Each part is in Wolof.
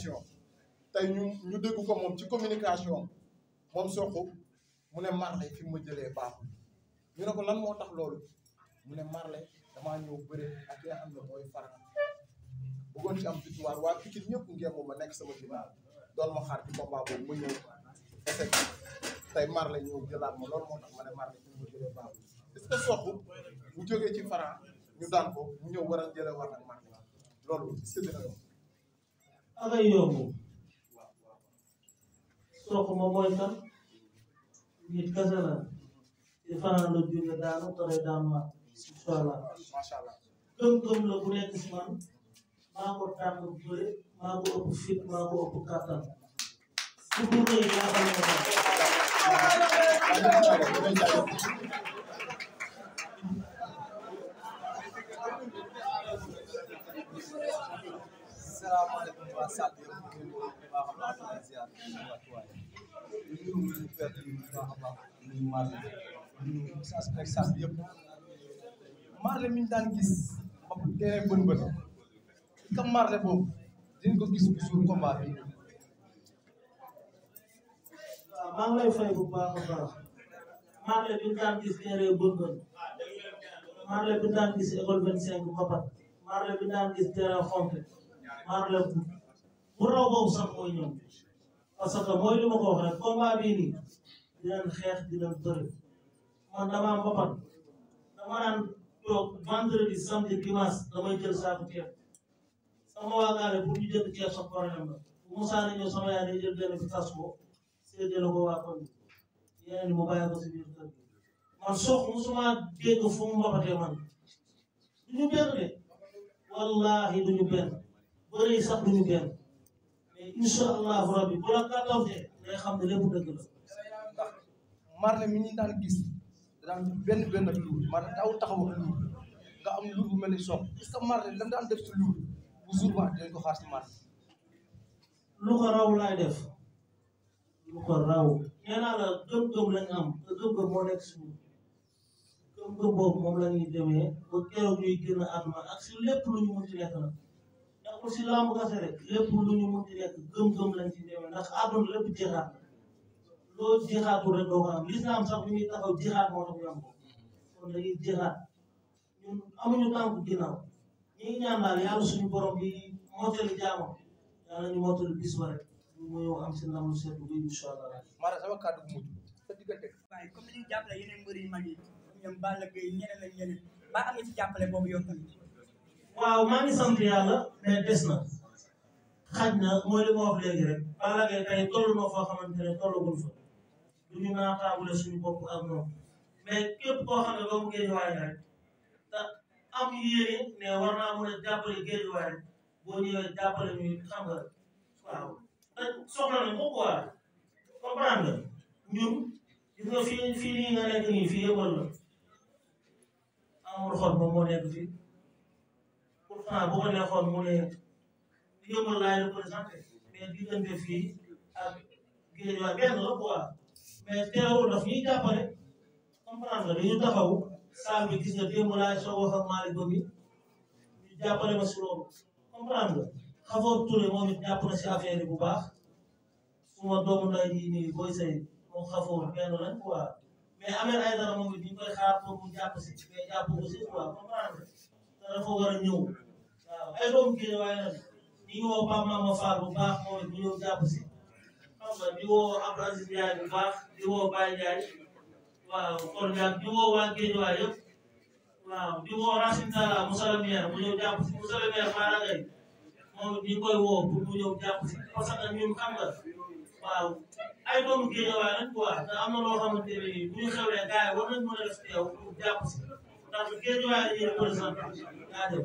gestion tey ñu ñu dégg ko moom ci communication moom Sokh mu ne Marley fi mu jëlee baaxul ñu ne ko lan moo tax loolu mu ne Marley damaa ñëw bëre ak nga xam ne mooy Franc bëggoon ci am victoire waa Pikine ñëpp ngeen ma nekk sama ginnaaw doon ma xaar ci combat boobu ma ñëw effectivement tey Marley ñëw jëlaat ma loolu moo tax ma ne Marley fi mu jëlee baaxul est-ce que Sokh bu ci Franc ñu daan ko mu ñëw war a jëlee war ak Marley loolu séddale ak ay yombu soxma mooy kan nit kese la di fanaan la jóge daanu tere daan ma incha allah gëm-gëm la bu nekk man maa ko tànn bëre maa ko ëpp fit maa ko ëpp kàttan su dul rëy yaa xam ne sant yëpp di leen di baax a baax di ziar di nuyu perte bi bu baax a baax di nuyu Marley di nuyu sa spectacle yëpp Marley mi ñu daan gis bopp terrain bën bën ka Marley boobu dinañ ko gis bu suur combat bi. waaw maa ngi lay fay bu baax a baax Marley bi ñu daan gis terrain bën bën Marley bi ñu daan gis école 25 Mbapat Marley bi ñu daan gis terrain xonk Marley bu bu raw boobu sax mooy ñoom parce que mooy li ma ko wax rek combat bii nii dinañ xeex dinañ bëri man damaa mbapat dama naan toog vendredi samedi dimanche damay jël saako ceeb sama waagaale pour ñu jënd ceeb sax problème la bu Moussa ne ñëw sama yaay day jël benn bi tas ko séddale ko waa kon yeneen ni mu bàyyi ko si biir kër gi man sox musuma dégg fu mu mbapatee man duñu benn de wallahi duñu benn bëri sax duñu benn incha allahu rabbi bu la gàllankooree day xam ne lépp dëgg la. marle mi ñu daan gis daan benn taxaw ak luur nga am luur bu mel ni soog est-ce que daan def ci luur bu jour ba dinañ ko xaar ci marle. lu ko raw laay def lu ko raw nee naa la moo nekk si ñun gëm boobu moom la ñuy nekkul si lamb kese rek lépp lu ñu mën di nekk gëm-gëm lañ a demee ndax àdduna lépp jixaat loo jixaatul rek doo ko am lislaam sax bi taxaw jixaat moo tax ñu am ko kon dañuy ñu ngi ñaan daal yàlla rek ñu mënoo am gu mujj sa diggante. waaye comme ni ñu jàppale yeneen mbër yu mag yi ba am na boobu yoon waaw maa ngi sant yàlla mais des na xaj na mooy li ma wax léegi rek Balla Gaye tey toll na foo xamante ne tollagul fa du ñu naataabule suñu bopp ak moom mais képp koo xam ne doomu géejuwaay rek te am yéene ne war naa mën a jàppale géejuwaay rek boo ñëwee jàppale ñu xam nga waaw te soxla na ko quoi comprendre nga ñun gis nii nga nekk nii fii yëppal la amul xot moom moo nekk fii Fra ah, bu ko neexoon mu ne yëngal laay représenté mais diggante fii ak Guédiawaye benn la quoi mais teewul daf ñuy jàppale comprendre nga dañu taxaw saa bi gis nga démb laay soo wax ak Malick Ba mi ma si loolu nga Xafoor Touré moom it na si affaire yi bu baax suma doomu nday yi nii booy say moom Xafoor benn lañ quoi mais Ahmed Aïdara moom it ñu xaar pour mu si mais jàpp ko si nga te dafa war a ay doomu génn waaye nag di ñu woo Pape Mama Fall bu baax moom it mu ñëw jàpp si xam nga di woo Abdou Aziz Ndiaye bu baax di woo Baye Ndiaye waaw kon nag di woo waa génn waay yëpp waaw di woo Racine Talla monsieur le maire mu ñëw jàpp si monsieur le maire Mara Gueye moom it ñu koy woo pour mu ñëw jàpp si parce que ñun xam nga waaw ay doomu génn waay nag quoi te am na loo xamante ne nii bu ñu xewlee gars yi war nañ mën a def teew pour jàpp si ndax génn waay la ñuy représenté daa dem.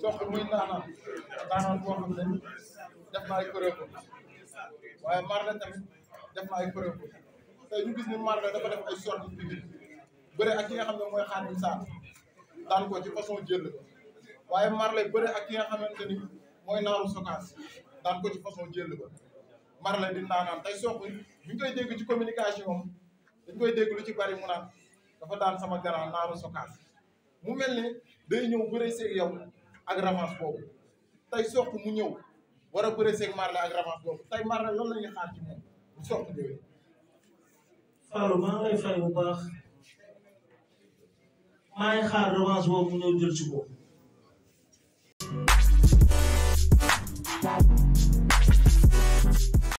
sox muy naanaan naanaan boo xam ne def na ay preuve waaye Marley tamit def na ay preuve ñu gis ni Marley dafa def ay sorties publiques bëre ak ki nga xam ne mooy Khadim Sarr daan ko ci façon jël waaye Marley bëre ak yi nga xamante ni mooy naaru sokaas daan ko ci façon jël ba Marley di naanaan tey sox bi ñu koy dégg ci communication dañ koy dégg lu ci bari mu dafa daan sama garaan naaru sokaas mu mel ni day ñëw bëre seeg yow ak revanche boobu tey soq mu ñëw war a bëre seeg Marley ak revanche boobu tey Marley loolu la ñuy xaar ci moom bu soq ñëwee. Fallou maa ngi lay fay bu maa ngi xaar revanche boobu mu ñëw